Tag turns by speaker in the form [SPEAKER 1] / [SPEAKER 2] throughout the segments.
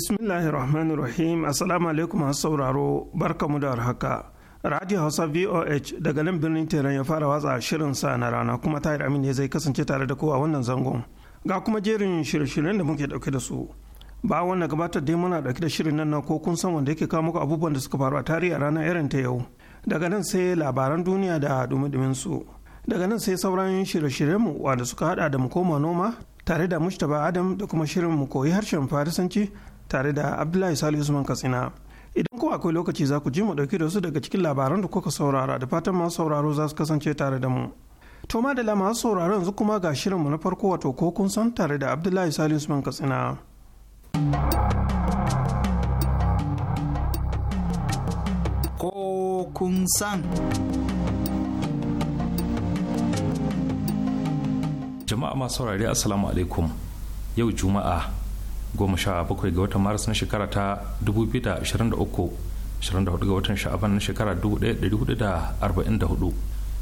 [SPEAKER 1] bismillahirrahmanirrahim rahim assalamu alaikum masu sauraro barkamu da haka radio hausa voh daga nan birnin teran ya fara watsa shirin sa na rana kuma tahir amin ne zai kasance tare da kowa wannan zangon ga kuma jerin shirye-shiryen da muke dauke da su ba wannan gabatar dai muna dauke da shirin nan na ko kun san wanda yake kawo muku abubuwan da suka faru a tarihi a ranar irin ta yau daga nan sai labaran duniya da dumi su daga nan sai sauran shirye shiryen mu wanda suka hada da mu koma noma tare da mustapha adam da kuma shirin mu koyi harshen farisanci tare da abdullahi salisu usman katsina idan ko akwai lokaci za ku ji mu ɗauki da su daga cikin labaran da kuka saurara da fatan masu sauraro za su kasance tare da mu to ma da masu sauraro yanzu kuma ga shirinmu na farko wato ko kun san tare da abdullahi salisu usman katsina ko kun san
[SPEAKER 2] jama'a masu saurari assalamu alaikum yau juma'a goma sha bakwai ga watan maris na shekara ta 2023 24 ga watan sha'aban na shekara 1444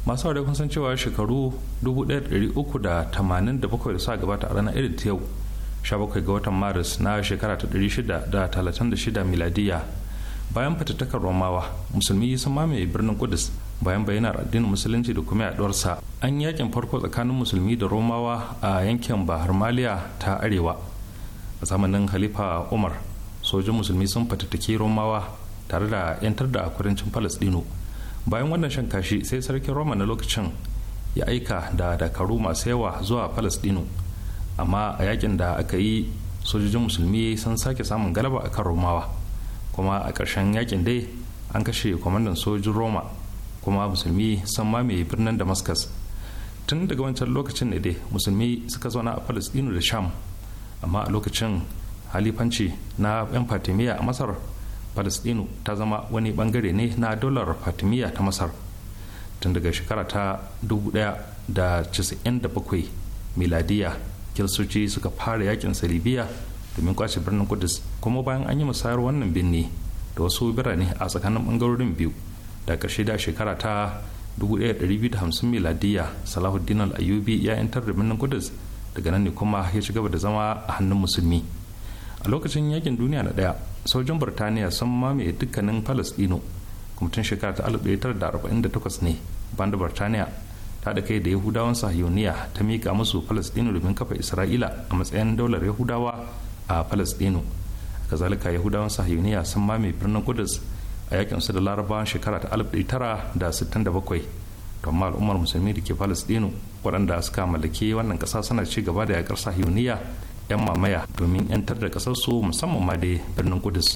[SPEAKER 2] masu wadai kun san cewa shekaru 1387 da sa gabata a ranar irin ta yau 17 ga watan maris na shekara ta 636 miladiya bayan fatattakar romawa musulmi sun mamaye birnin kudus bayan bayyanar addinin musulunci da kuma yaduwarsa an yakin farko tsakanin musulmi da romawa a yankin bahar maliya ta arewa a zamanin halifa umar sojin musulmi sun fatattaki romawa tare da 'yantar da kudancin palestino bayan wannan shan kashi sai sarkin roma na lokacin ya aika da dakaru masu yawa zuwa palestino amma a yakin da aka yi sojojin musulmi sun sake samun galaba akan romawa kuma a ƙarshen yakin dai an kashe kwamandan sojin roma kuma musulmi sun mamaye birnin damascus tun daga wancan lokacin ne dai musulmi suka zauna a palestino da sham amma a lokacin halifanci na 'yan fatimiyya a masar palestino ta zama wani bangare ne na dolar fatimiyya ta masar tun daga shekara ta 1997 miladiya kiristoci suka fara yakin salibiya domin kwace birnin kudus kuma bayan an yi musayar wannan birni da wasu birane a tsakanin bangarorin biyu da ƙarshe da shekara ta 1250 miladiya salahuddin al-ayubi ya 'yantar da birnin kudus daga nan ne kuma ya ci gaba da zama a hannun musulmi a lokacin yakin duniya na daya sojin burtaniya sun mamaye dukkanin palestino kuma tun shekara ta 1948 ne banda burtaniya ta da kai da yahudawan sahiyoniya ta mika musu palestino domin kafa isra'ila a matsayin daular yahudawa a palestino kazalika yahudawan sahiyoniya sun mamaye birnin kudus a yakin su da larabawan shekara ta 1967 amma al'ummar musulmi da ke palestino waɗanda suka mallake wannan ƙasa suna ci gaba da yakar sahiyoniya 'yan mamaya domin 'yantar da ƙasarsu musamman ma dai birnin kudus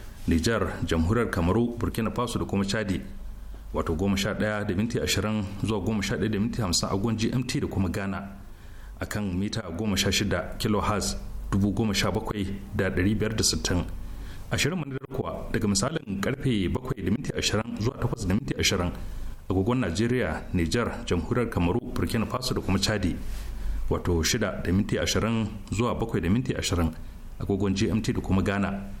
[SPEAKER 2] Nijar, jamhuriyar Kamaru, Burkina Faso da kuma Chadi. Wato goma sha ɗaya da minti ashirin zuwa goma sha ɗaya da minti hamsin a gwan GMT da kuma Ghana a kan mita goma sha shida kilo kilohertz dubu goma sha bakwai da ɗari biyar da sittin. Ashirin manadar kuwa daga misalin ƙarfe bakwai da minti ashirin zuwa takwas da minti ashirin a gwagwan Najeriya, Nijar, jamhuriyar Kamaru, Burkina Faso da kuma Chadi. Wato shida da minti ashirin zuwa bakwai da minti ashirin a gwagwan GMT da kuma Ghana.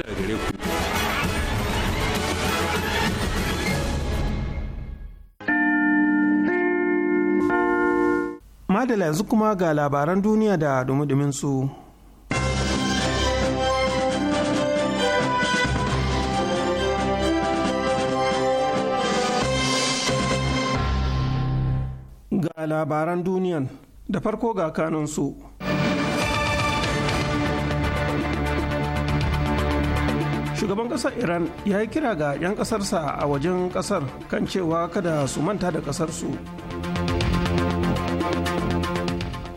[SPEAKER 1] Madala yanzu kuma ga labaran duniya da dumudumin su. Ga labaran duniyan da farko ga su. shugaban kasar iran ya yi kira ga 'yan kasarsa a wajen kasar kan cewa kada su manta da kasarsu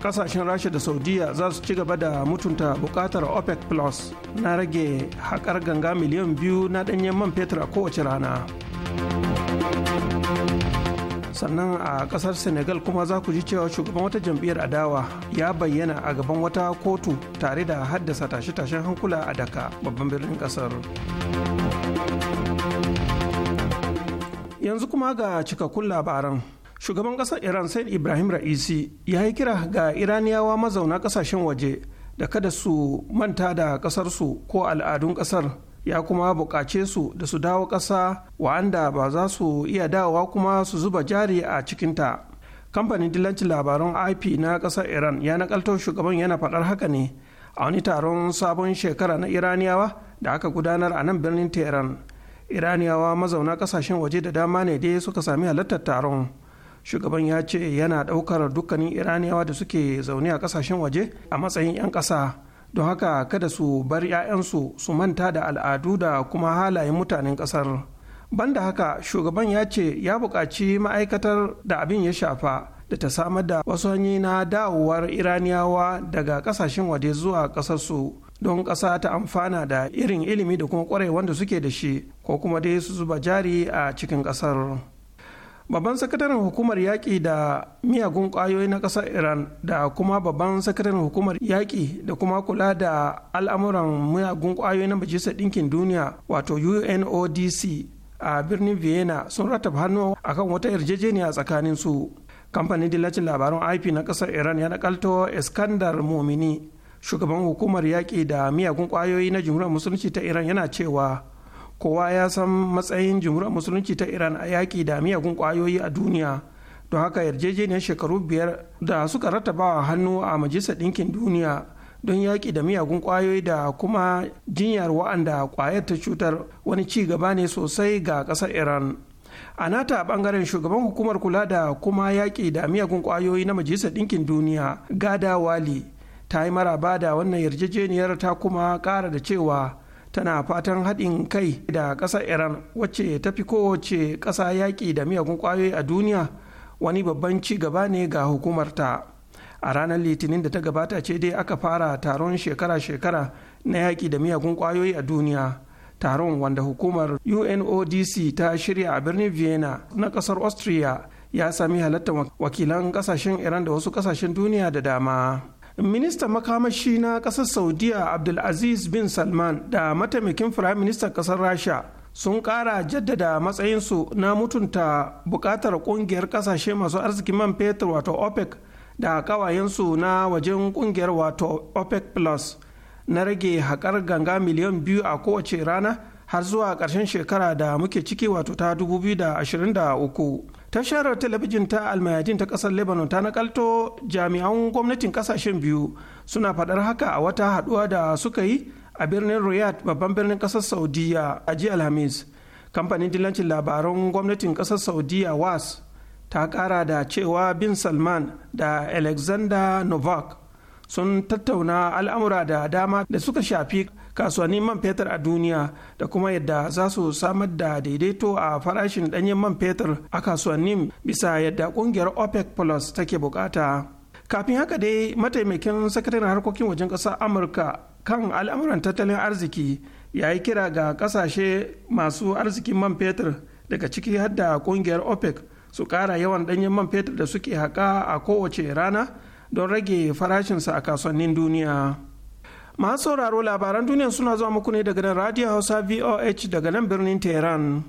[SPEAKER 1] kasashen rasha da saudiya za su ci gaba da mutunta bukatar opec plus na rage haƙar ganga miliyan biyu na ɗanyen man fetur a kowace rana sannan a ƙasar senegal kuma za ku ji cewa shugaban wata jam'iyyar adawa ya bayyana a gaban wata kotu tare da haddasa tashe-tashen hankula a daka babban birnin ƙasar. yanzu kuma ga cikakkun labaran shugaban ƙasar iran said ibrahim ra'isi ya yi kira ga iraniyawa mazauna ƙasashen waje da kada su manta da ƙasarsu ko al'adun ƙasar ya kuma buƙace su da su dawo ƙasa wa'anda ba za su iya dawowa kuma su zuba jari a cikinta kamfanin dillancin labaran ip na ƙasar iran ya nakalto shugaban yana faɗar haka ne a wani taron sabon shekara na iraniyawa da aka gudanar a nan birnin tehran iraniyawa mazauna ƙasashen waje da dama ne dai suka sami halartar taron shugaban ya ce yana ɗaukar dukkanin iraniyawa da suke zaune a kasashen waje a matsayin 'yan kasa don haka kada su bar 'ya'yansu su manta da al'adu da kuma halayen mutanen kasar banda haka shugaban ya ce ya buƙaci ma'aikatar da abin ya shafa da ta samar da wasu hanyoyi na dawowar iraniyawa daga kasashen waje zuwa ƙasarsu don ƙasa ta amfana da irin ilimi da kuma ƙwarai wanda suke da shi ko kuma dai su zuba jari a cikin ƙasar. babban sakataren hukumar yaƙi da miyagun ƙwayoyi na ƙasar iran da kuma babban sakataren hukumar yaƙi da kuma kula da al'amuran miyagun ƙwayoyi na majalisar ɗinkin duniya wato unodc a birnin vienna sun rataba hannu akan wata yarjejeniya tsakanin su kamfanin dillacin labaran ip na ƙasar iran ya nakalto iskandar momini shugaban hukumar yaƙi da miyagun ƙwayoyi na jumhuriyar musulunci ta iran yana cewa kowa ya san matsayin jumhuriyar musulunci ta iran a yaƙi da miyagun ƙwayoyi a duniya don haka yarjejeniyar shekaru biyar da suka rattabawa hannu a majalisar ɗinkin duniya don yaƙi da miyagun ƙwayoyi da kuma jinyar wa'anda ƙwayar ta cutar wani ci gaba ne sosai ga ƙasar iran a nata bangaren shugaban hukumar kula da kuma yaƙi da miyagun ƙwayoyi na majalisar ɗinkin duniya gada wali ta yi maraba da wannan yarjejeniyar ta kuma kara da cewa tana fatan haɗin kai da ƙasar iran wacce ta fi kowace ƙasa yaƙi da miyagun ƙwayoyi a duniya wani babban ci gaba ne ga hukumarta a ranar litinin da ta gabata ce dai aka fara taron shekara-shekara na yaƙi da miyagun ƙwayoyi a duniya taron wanda hukumar unodc ta shirya a birnin vienna na ƙasar austria ya sami halartar wakilan ƙasashen iran da wasu ƙasashen duniya da dama ministan makamashi na ƙasar saudiya abdulaziz bin salman da mataimakin firaministan ƙasar rasha sun ƙara jaddada matsayinsu na mutunta buƙatar ƙungiyar ƙasashe masu arzikin man fetur wato opec da ƙawayensu na wajen ƙungiyar wato opec plus na rage haƙar ganga miliyan biyu a kowace rana har zuwa ƙarshen shekara da muke ciki wato ta 2023 tashar talabijin ta almayadin ta kasar lebanon ta nakalto jami'an gwamnatin kasashen biyu suna faɗar haka a wata haɗuwa da suka yi a birnin riyadh babban birnin kasar saudiya a jiya alhamis kamfanin dilancin labaran gwamnatin kasar saudiya was ta kara da cewa bin salman da alexander novak sun tattauna al'amura da dama da suka shafi kasuwannin man fetur a duniya da kuma yadda za su samar da daidaito a farashin danyen man fetur a kasuwannin bisa yadda kungiyar opec plus take bukata kafin haka dai mataimakin sakataren harkokin wajen ƙasar amurka kan al'amuran tattalin arziki ya yi kira ga kasashe masu arzikin man fetur daga ciki hadda ƙungiyar kungiyar opec su ƙara yawan danyen man fetur da suke haƙa a kowace rana don rage farashinsa a kasuwannin duniya. masu sauraro labaran duniya suna zuwa muku ne daga nan radio hausa voh daga nan birnin tehran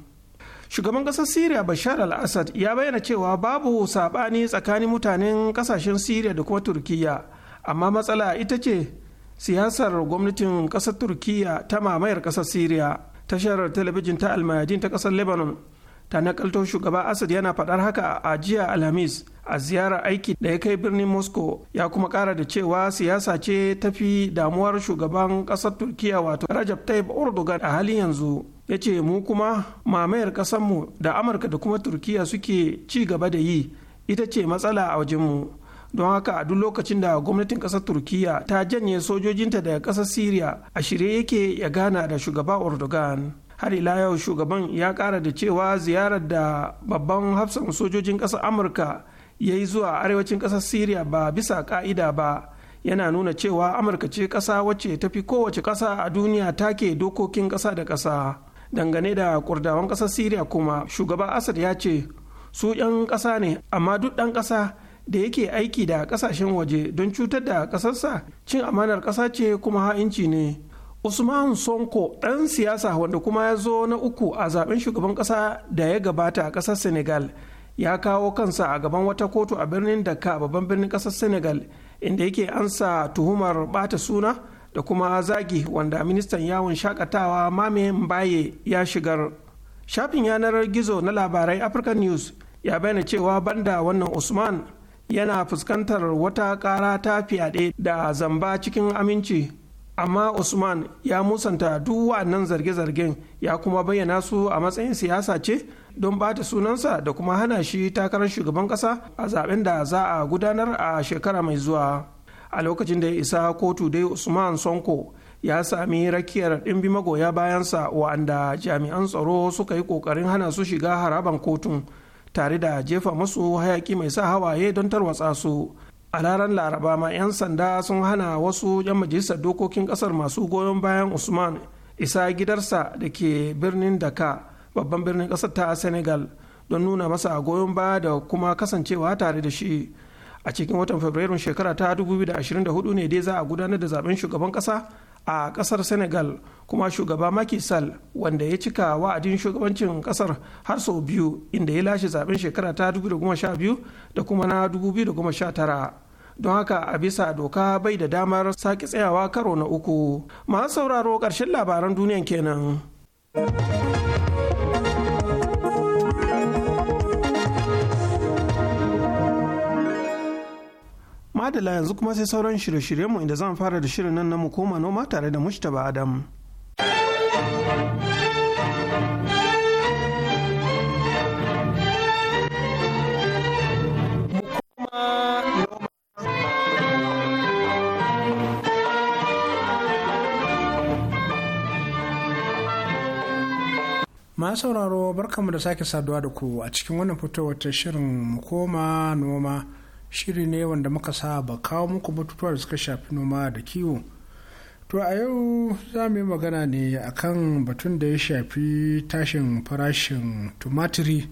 [SPEAKER 1] shugaban ƙasar syria bashar al-assad ya bayyana cewa babu saɓani tsakanin mutanen ƙasashen syria da kuma turkiyya amma matsala ita ce siyasar gwamnatin ƙasar turkiyya ta mamayar ƙasar syria tashar talabijin ta almayadin ta ƙasar lebanon ta nakalto shugaba asad yana faɗar haka a jiya alhamis a ziyarar aiki da ya kai birnin moscow ya kuma ƙara da cewa siyasa ce tafi damuwar shugaban ƙasar turkiya wato rajab tayyip erdogan a halin yanzu ya ce mu kuma mamayar ƙasarmu da amurka da kuma turkiya suke ci gaba da yi ita ce matsala a wajenmu don haka a duk lokacin da gwamnatin ƙasar turkiya ta janye sojojinta daga ƙasar syria a shirye yake ya gana da shugaba erdogan har ila yau shugaban ya kara da cewa ziyarar da babban hafsan sojojin ƙasar amurka ya yi zuwa arewacin ƙasar syria ba bisa ka'ida ba yana nuna cewa amurka ce ƙasa wacce ta fi kowace ƙasa a duniya take dokokin ƙasa da ƙasa dangane da kurdawan ƙasar syria kuma shugaba asad ya ce su 'yan ƙasa ne amma duk ɗan ƙasa da yake aiki da ƙasashen waje don cutar da ƙasarsa cin amanar ƙasa ce kuma ha'inci ne usman sonko ɗan siyasa wanda kuma ya zo na uku a zaben shugaban ƙasa da ya gabata a ƙasar senegal ya kawo kansa a gaban wata kotu a birnin daka babban birnin ƙasar senegal inda yake ansa tuhumar bata suna da kuma zagi wanda ministan yawon shakatawa mame mbaye ya shigar shafin yanar gizo na labarai african news ya bayyana cewa banda wannan usman yana fuskantar wata kara ta fyaɗe da zamba cikin aminci amma usman ya musanta duk wa'annan zarge-zargen ya kuma bayyana su a matsayin siyasa ce don bata sunansa da kuma hana shi takarar shugaban kasa a zaben da za a gudanar a shekara mai zuwa a lokacin da ya isa kotu dai usman sonko ya sami rakiyar ɗimbi magoya bayansa wa'anda jami'an tsaro suka yi ƙoƙarin hana su shiga haraban kotun tare da jefa masu hayaki mai sa hawaye don tarwatsa su a ranar laraba ma 'yan sanda sun hana wasu 'yan majalisar dokokin kasar masu goyon bayan usman isa gidarsa da ke birnin daka babban birnin kasar ta senegal don nuna masa goyon baya da kuma kasancewa tare da shi a cikin watan fabrairun shekara ta 2024 ne dai za a gudanar da zaben shugaban kasa a kasar senegal kuma shugaba Macky Sall wanda ya cika wa'adin shugabancin kasar har sau biyu inda ya lashe zaben shekara ta 2012 da kuma na 2019 don haka a bisa doka bai da damar sake tsayawa karo na uku masu sauraro ƙarshen labaran duniyan kenan madala yanzu kuma sai sauran shirye-shiryenmu inda zan fara da shirin nan na mu koma noma tare da mushtaba adam
[SPEAKER 3] ma sauraro barkamu da sake saduwa da ku a cikin wannan fitowar ta shirin koma noma shiri ne wanda muka saba kawo muku batutuwa da suka shafi noma da kiwo to a yau za mu yi magana ne akan batun da ya shafi tashin farashin tumatiri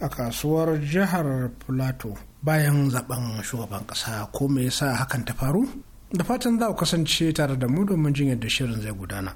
[SPEAKER 3] a kasuwar jihar plateau bayan zaben shugaban kasa ko me yasa hakan ta faru da fatan za ku kasance tare da mu domin jin yadda shirin zai gudana.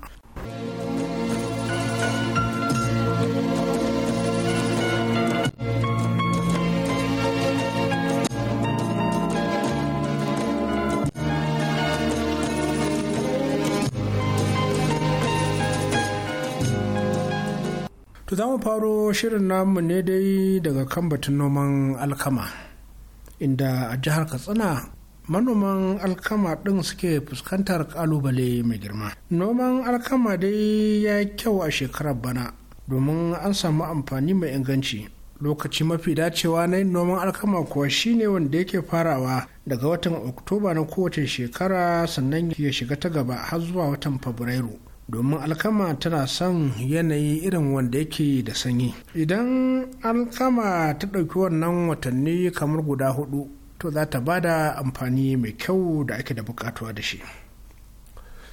[SPEAKER 3] To za mu faro shirin namu ne dai daga kan batun noman alkama. Inda a jihar Katsina manoman alkama ɗin suke fuskantar kalubale mai girma. Noman alkama dai ya yi kyau a shekarar bana domin an samu amfani mai inganci. Lokaci mafi dacewa na yin noman alkama kuwa shine wanda yake farawa daga watan Oktoba na kowace shekara sannan ya shiga ta gaba har zuwa watan Fabrairu. domin alkama tana son yanayi irin wanda yake da sanyi idan alkama ta ɗauki wannan watanni kamar guda hudu to za ta ba da amfani mai kyau da ake da bukatuwa da shi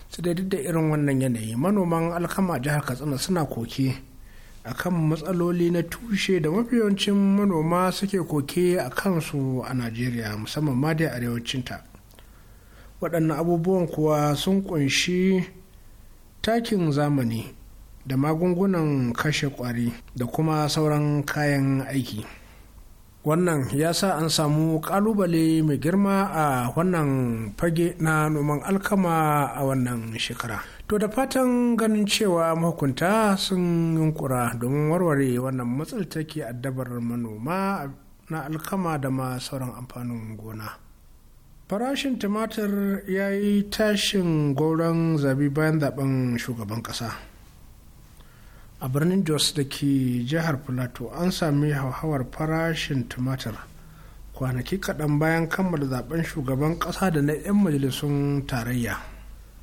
[SPEAKER 3] su da duk da irin wannan yanayi manoman alkama jihar katsina suna koke a kan matsaloli na tushe da mafi yawancin manoma suke koke a kansu a najeriya musamman ma da arewacinta waɗannan abubuwan kuwa sun ƙunshi takin zamani da magungunan kashe kwari da kuma sauran kayan aiki wannan ya sa an samu kalubale mai girma a wannan fage na noman alkama a wannan shekara to da fatan ganin cewa mahukunta sun yunkura domin warware wannan matsal take addabar manoma na alkama da ma sauran amfanin gona farashin tumatir ya yi tashin goron zabi bayan zaben shugaban kasa a birnin jos da ke jihar plateau an sami hauhawar farashin tumatir kwanaki kaɗan bayan kammala zaben shugaban ƙasa da na 'yan majalisun tarayya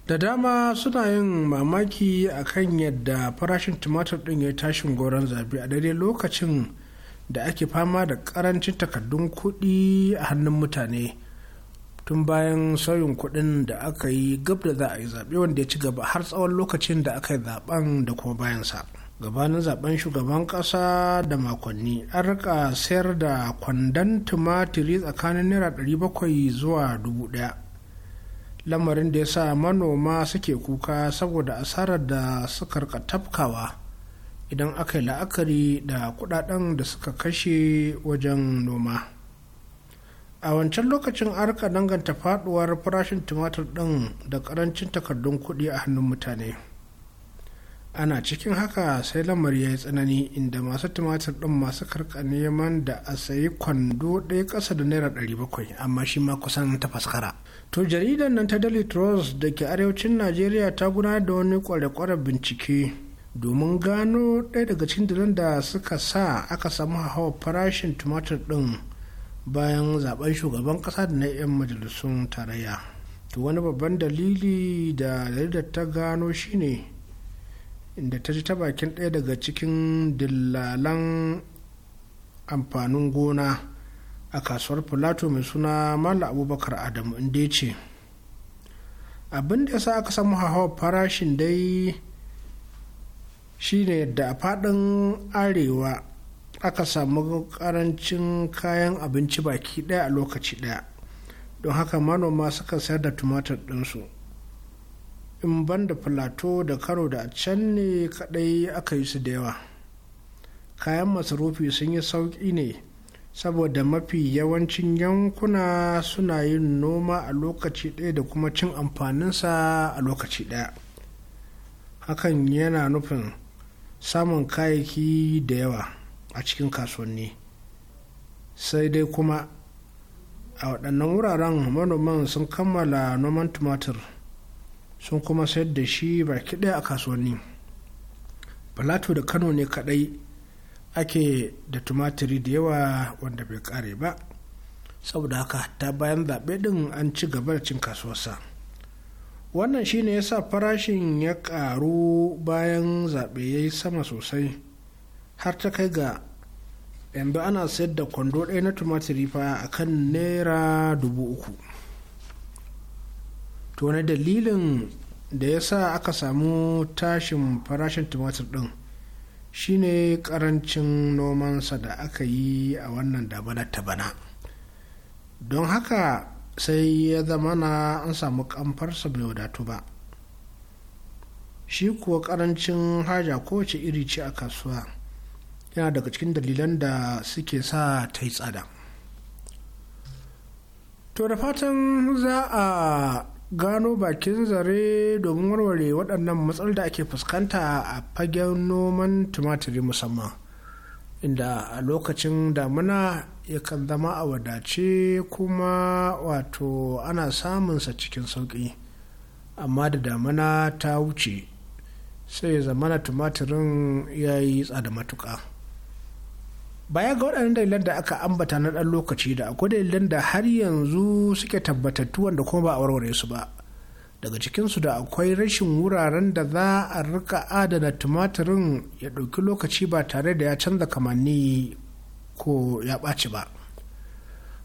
[SPEAKER 3] da dama suna yin mamaki a kan yadda farashin tumatir ɗin ya tashin goron zabi a daidai lokacin da ake fama da ƙarancin takardun kuɗi a hannun mutane tun bayan sauyin kuɗin da aka yi gab da za a yi zaɓe wanda ya ci gaba har tsawon lokacin da aka yi zaɓen da kuma bayansa gabanin zaɓen shugaban ƙasa da makonni an rika sayar da kwandon tumatiri tsakanin naira 700 zuwa 1000 lamarin da ya sa manoma suke kuka saboda asarar da suka rika tafkawa idan aka yi la'akari da kudaden da suka kashe wajen noma. a wancan lokacin arka danganta faduwar farashin tumatir ɗin da karancin takardun kuɗi a hannun mutane ana cikin haka sai lamari ya yi tsanani inda masu tumatir ɗin masu karka neman da a sayi kwando ɗaya kasa da naira ɗari bakwai amma shi ma kusan ta faskara to jaridar nan ta daily trust da ke arewacin najeriya ta gudanar da wani kware-kware bincike domin gano ɗaya daga cikin dalilan da suka sa aka samu hawa farashin tumatir ɗin bayan zaben shugaban kasa da na 'yan majalisun tarayya to wani babban dalili da jaridar ta gano shine inda ta ji ta bakin ɗaya daga cikin dillalan amfanin gona a kasuwar filato mai suna mala abubakar adamu inda ya ce abin da ya sa aka samu hauhawar farashin dai shine da a faɗin arewa aka samu karancin kayan abinci baki ɗaya a lokaci ɗaya don haka manoma suka sayar da tumatir ɗinsu in ban da filato da karo da can ne kadai aka yi su da yawa kayan masarufi sun yi sauƙi ne saboda mafi yawancin yankuna suna yin noma a lokaci ɗaya da kuma cin amfaninsa a lokaci ɗaya hakan yana nufin samun kayayyaki da yawa a cikin kasuwanni sai dai kuma a waɗannan wuraren manoman sun kammala noman tumatir sun kuma sayar da shi baki ɗaya a kasuwanni plateau da kano ne kaɗai ake da tumatiri da yawa wanda bai ƙare ba saboda haka ta bayan zaɓe ɗin an ci gaba da cin kasuwarsa wannan shi ne ya sa farashin ya ƙaru bayan zaɓe ya yi sama sosai har ta kai ga yanzu ana sayar da kwando ɗaya na tumatiri fa a kan naira dubu uku to wani dalilin da ya sa aka samu tashin farashin tumatir ɗin shine karancin nomansa da aka yi a wannan dabanar ta bana don haka sai ya zama na an samu ƙamfarsa bai wadatu ba shi kuwa ƙarancin haja kowace iri ce a kasuwa yana daga cikin dalilan da suke sa ta yi tsada to da fatan za a gano bakin zare domin warware waɗannan matsalar da ake fuskanta a fagen noman tumatiri musamman inda a lokacin damuna yakan zama a wadace kuma wato ana samunsa cikin sauƙi amma da damuna ta wuce sai zamana tumatirin ya yi tsada matuƙa. baya ga waɗannan dalilan da aka ambata na ɗan lokaci da akwai dalilan da har yanzu suke tabbatattu wanda kuma ba a warware su ba daga cikinsu da akwai rashin wuraren da za a rika adana tumatirin ya ɗauki lokaci ba tare da ya canza kamanni ko ya ɓaci ba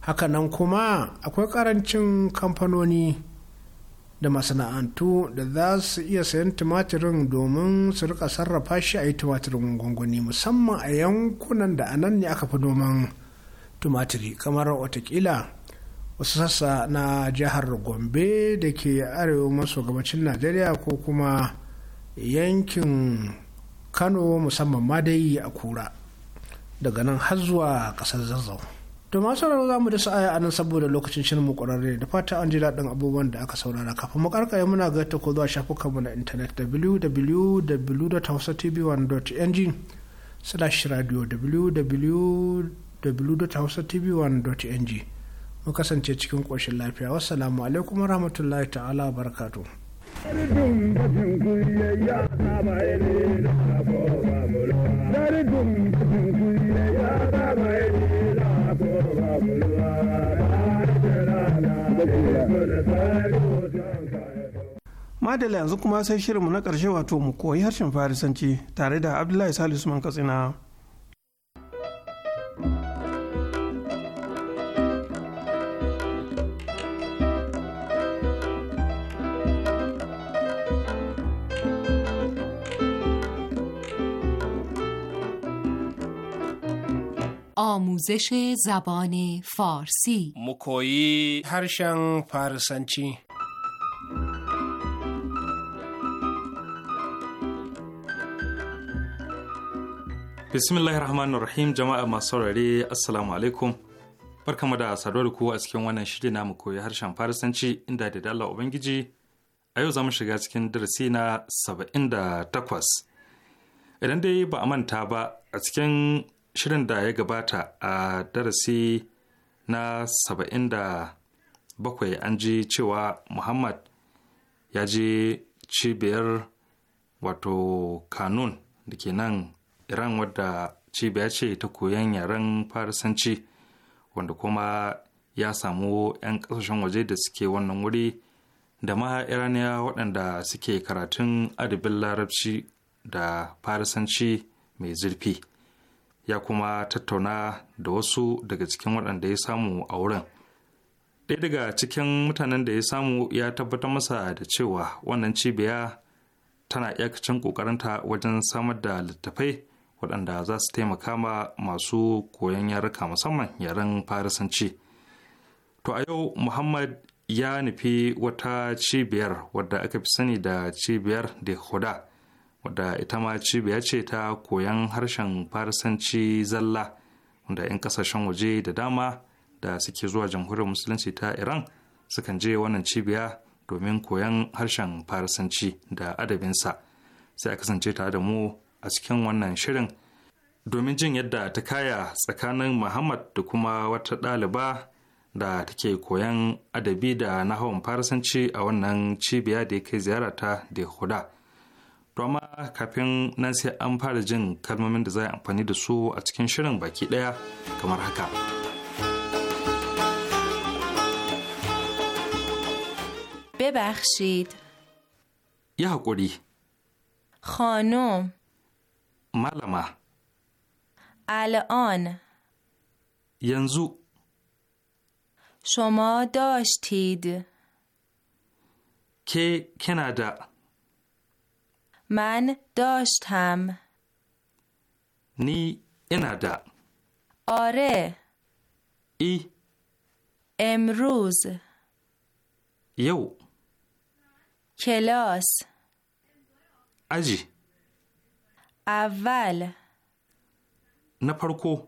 [SPEAKER 3] hakanan kuma akwai ƙarancin kamfanoni da masana'antu da za su iya sayan tumatirin domin su rika sarrafa shi a yi tumatirin gwangwani musamman a yankunan da anan ne aka fi noman tumatiri kamar watakila wasu sassa na jihar gombe da ke arewa maso gabacin najeriya ko kuma yankin kano musamman ma dai a kura daga nan har zuwa ƙasar zazzau to masu sauraro za mu da sa'aya a nan saboda lokacin shirin mu kwararre da fata an ji daɗin abubuwan da aka saurara kafin mu karkare muna ga ta ko zuwa shafukanmu na intanet www.hausatv1.ng slash radio www.hausatv1.ng mu kasance cikin ƙoshin lafiya wassalamu alaikum rahmatullahi ta'ala barakatu. Dari dum dum kulle ya
[SPEAKER 1] madala yanzu kuma sai shirinmu na ƙarshe wato mu koyi harshen farisanci tare da abdullahi salisu man katsina
[SPEAKER 4] آموزش زبان فارسی
[SPEAKER 3] مکویی هرشن فارسنچی
[SPEAKER 2] bismillahir rahmanir rahim jama'a masu saurare assalamu alaikum barkamu da saduwa da ku a cikin wannan shiri na mu koyi harshen farisanci inda da dalla ubangiji a yau za mu shiga cikin darasi na saba'in da takwas idan dai ba a manta ba a cikin shirin da ya gabata a darasi na saba'in da bakwai an ji cewa muhammad ya je cibiyar wato kanun da ke nan iran wadda cibiya ce ta koyon yaren farisanci wanda kuma ya samu 'yan kasashen waje da suke wannan wuri da ma iraniya waɗanda suke karatun adabin larabci da farisanci mai zurfi ya kuma tattauna da wasu daga cikin waɗanda ya samu a wurin ɗaya daga cikin mutanen da ya samu ya tabbatar masa da cewa wannan cibiya tana iyakacin ƙoƙarinta wajen samar da littattafai waɗanda za su taimaka ma masu koyon yaruka musamman yaren farisanci to a yau muhammad ya nufi wata cibiyar wadda aka fi sani da cibiyar da huda wadda ita ma cibiya ce ta koyan harshen farisanci zalla wanda 'yan kasashen waje da dama da suke zuwa jamhuriyar musulunci ta iran sukan je wannan cibiya domin koyan harshen farisanci da adabinsa sai a kasance tare da mu a cikin wannan shirin domin jin yadda ta kaya tsakanin muhammad da kuma wata ɗaliba da take koyan adabi da nahawan farisanci a wannan cibiya da ya kai ziyara ta da huda. to amma kafin nan sai an fara jin kalmomin da za a amfani da su a cikin shirin baki ɗaya kamar haka.
[SPEAKER 4] ببخشید یه حقوری خانم ملما الان ینزو شما داشتید
[SPEAKER 2] که کندا
[SPEAKER 4] من داشتم
[SPEAKER 2] نی انادا
[SPEAKER 4] آره ای امروز یو کلاس اجی اول
[SPEAKER 2] نپرکو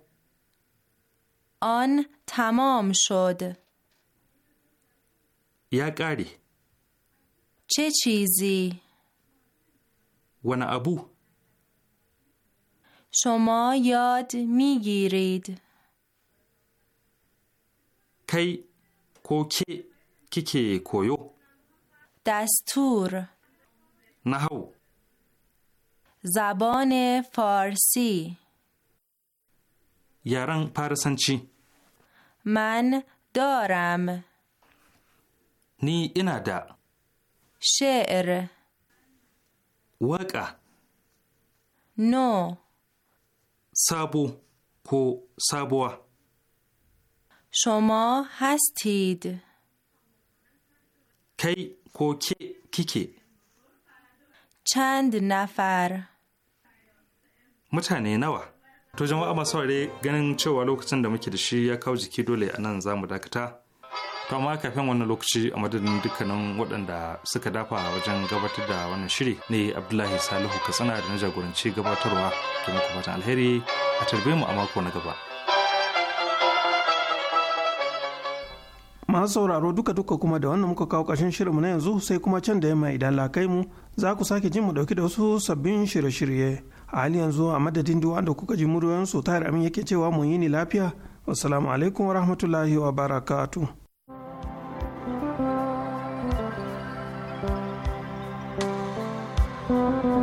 [SPEAKER 4] آن تمام شد یا گری چه چیزی؟ wani ابو شما یاد میگیرید
[SPEAKER 2] کی کوکی کی کیکی کویو
[SPEAKER 4] دستور نهو زبان فارسی
[SPEAKER 2] یاران پارسنچی
[SPEAKER 4] من دارم
[SPEAKER 2] نی اینا دا
[SPEAKER 4] شعر waƙa. No.
[SPEAKER 2] Sabo ko sabuwa.
[SPEAKER 4] Shoma hastid. Kai ko ke kike. Chand nafar.
[SPEAKER 2] Mutane nawa. To jama'a masu ware ganin cewa lokacin da muke da shi ya kau jiki dole a nan za mu dakata. to amma kafin wannan lokaci a madadin dukkanin waɗanda suka dafa wajen gabatar da wannan shiri ne abdullahi salihu katsina da na jagoranci gabatarwa to muku fatan alheri a tarbe mu a mako na gaba
[SPEAKER 1] masu sauraro duka duka kuma da wannan muka kawo ƙarshen shirinmu na yanzu sai kuma can da yamma idan lakai mu za ku sake jin mu dauki da wasu sabbin shirye-shirye a hali yanzu a madadin duwa da kuka ji muryoyin su tayar amin yake cewa mun yi ni lafiya wassalamu alaikum wa rahmatullahi wa barakatu.
[SPEAKER 5] Thank you.